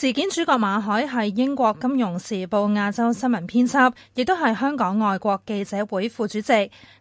事件主角馬凱係英國金融時報亞洲新聞編輯，亦都係香港外國記者會副主席。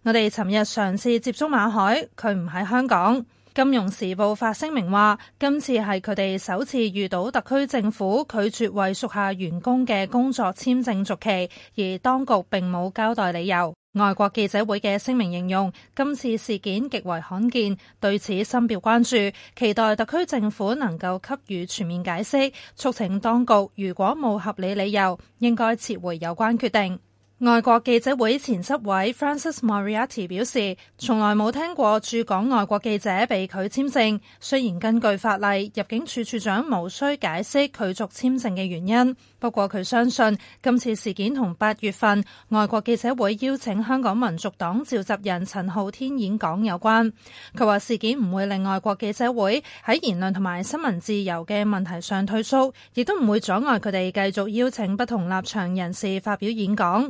我哋尋日嘗試接觸馬凱，佢唔喺香港。金融時報發聲明話，今次係佢哋首次遇到特區政府拒絕為屬下員工嘅工作簽證續期，而當局並冇交代理由。外國記者會嘅聲明形容今次事件極為罕見，對此深表關注，期待特區政府能夠給予全面解釋，促請當局如果冇合理理由，應該撤回有關決定。外國記者會前執委 Francis Moriarty 表示，從來冇聽過駐港外國記者被拒簽證。雖然根據法例，入境處處長無需解釋拒續簽證嘅原因，不過佢相信今次事件同八月份外國記者會邀請香港民族黨召集人陳浩天演講有關。佢話事件唔會令外國記者會喺言論同埋新聞自由嘅問題上退縮，亦都唔會阻礙佢哋繼續邀請不同立場人士發表演講。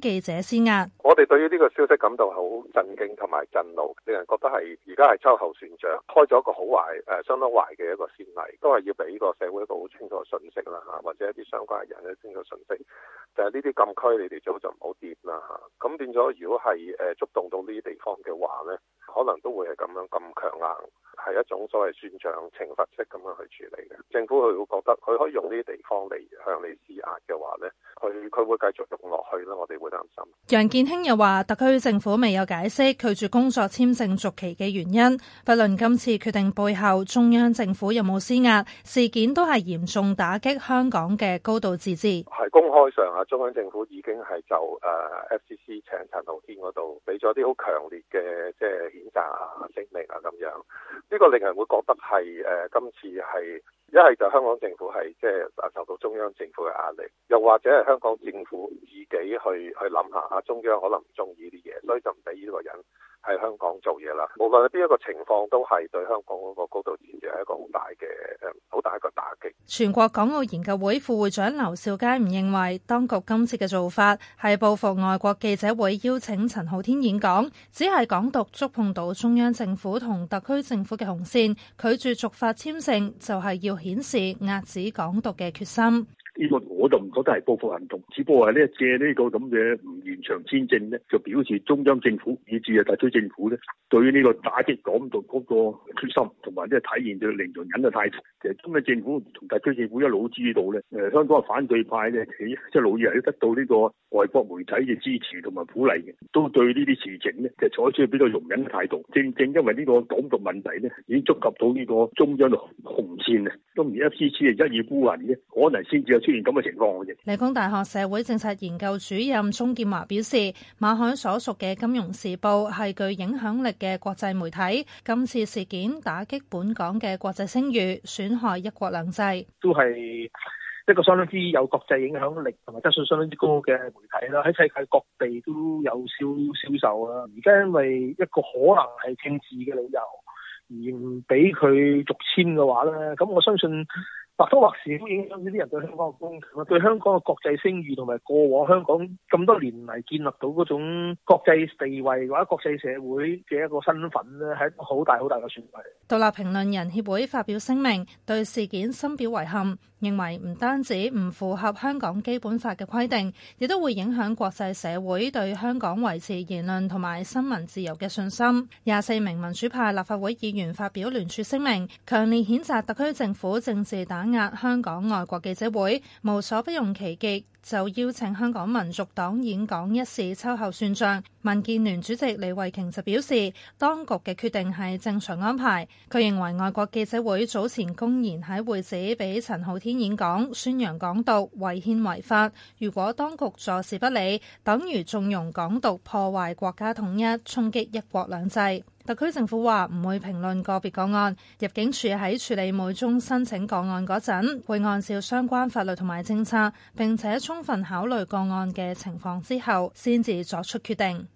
記者施壓，我哋對於呢個消息感到好震驚同埋震怒，令人覺得係而家係秋後算賬，開咗一個好壞誒，相當壞嘅一個先例，都係要俾呢個社會一個好清楚嘅信息啦，吓或者一啲相關嘅人嘅清楚信息，就係呢啲禁區，你哋做就唔好掂啦，吓咁變咗，如果係誒觸動到呢啲地方嘅話咧，可能都會係咁樣咁強硬。係一種所謂算帳懲罰式咁樣去處理嘅，政府佢會覺得佢可以用呢啲地方嚟向你施壓嘅話咧，佢佢會繼續用落去啦。我哋會擔心。楊建興又話：特區政府未有解釋拒絕工作簽證續期嘅原因，不論今次決定背後中央政府有冇施壓，事件都係嚴重打擊香港嘅高度自治。喺公開上啊，中央政府已經係就誒 FCC 請陳浩天嗰度俾咗啲好強烈嘅即係譴責啊聲明啊咁樣。呢個令人會覺得係誒、呃，今次係一係就香港政府係即係受到中央政府嘅壓力，又或者係香港政府自己去去諗下，中央可能唔中意呢啲嘢，所以就唔俾呢個人，喺香港做嘢啦，無論係邊一個情況都係對香港嗰個高度自治係一個好大嘅，誒，好大一個打擊。全國港澳研究會副會長劉兆佳唔認為當局今次嘅做法係報復外國記者會邀請陳浩天演講，只係港獨觸碰到中央政府同特區政府嘅紅線，拒絕續發簽證就係、是、要顯示遏止港獨嘅決心。我就唔覺得係報復行動，只不過係咧借呢這個咁嘅唔延長簽證咧，就表示中央政府以至啊特區政府咧對呢個打擊港獨嗰個決心，同埋即係體現對零容忍嘅態度。其實中央政府同特區政府一路知道咧，誒、呃、香港嘅反對派咧喺即係老二係得到呢個外國媒體嘅支持同埋鼓勵嘅，都對呢啲事情呢，就採取比較容忍嘅態度。正正因為呢個港獨問題呢，已經觸及到呢個中央嘅紅線啊，咁而家黐黐啊一意孤雲嘅，可能先至有出現咁嘅情況。理工大學社會政策研究主任鍾建華表示，馬凱所屬嘅《金融時報》係具影響力嘅國際媒體，今次事件打擊本港嘅國際聲譽，損害一國兩制。都係一個相當之有國際影響力同埋質素相當之高嘅媒體啦，喺世界各地都有少銷售啊。而家因為一個可能係政治嘅理由，而唔俾佢續簽嘅話咧，咁我相信。或多或少都影響到呢啲人對香港嘅公信、對香港嘅國際聲譽，同埋過往香港咁多年嚟建立到嗰種國際地位或者國際社會嘅一個身份咧，係一個好大好大嘅損失。獨立評論人協會發表聲明，對事件深表遺憾，認為唔單止唔符合香港基本法嘅規定，亦都會影響國際社會對香港維持言論同埋新聞自由嘅信心。廿四名民主派立法會議員發表聯署聲明，強烈譴責特區政府政治打壓香港外國記者會無所不用其極，就邀請香港民族黨演講一事秋後算賬。民建聯主席李慧瓊就表示，當局嘅決定係正常安排。佢認為外國記者會早前公然喺會址俾陳浩天演講，宣揚港獨，違憲違法。如果當局坐視不理，等於縱容港獨，破壞國家統一，衝擊一國兩制。特區政府話唔會評論個別個案，入境處喺處理每宗申請個案嗰陣，會按照相關法律同埋政策，並且充分考慮個案嘅情況之後，先至作出決定。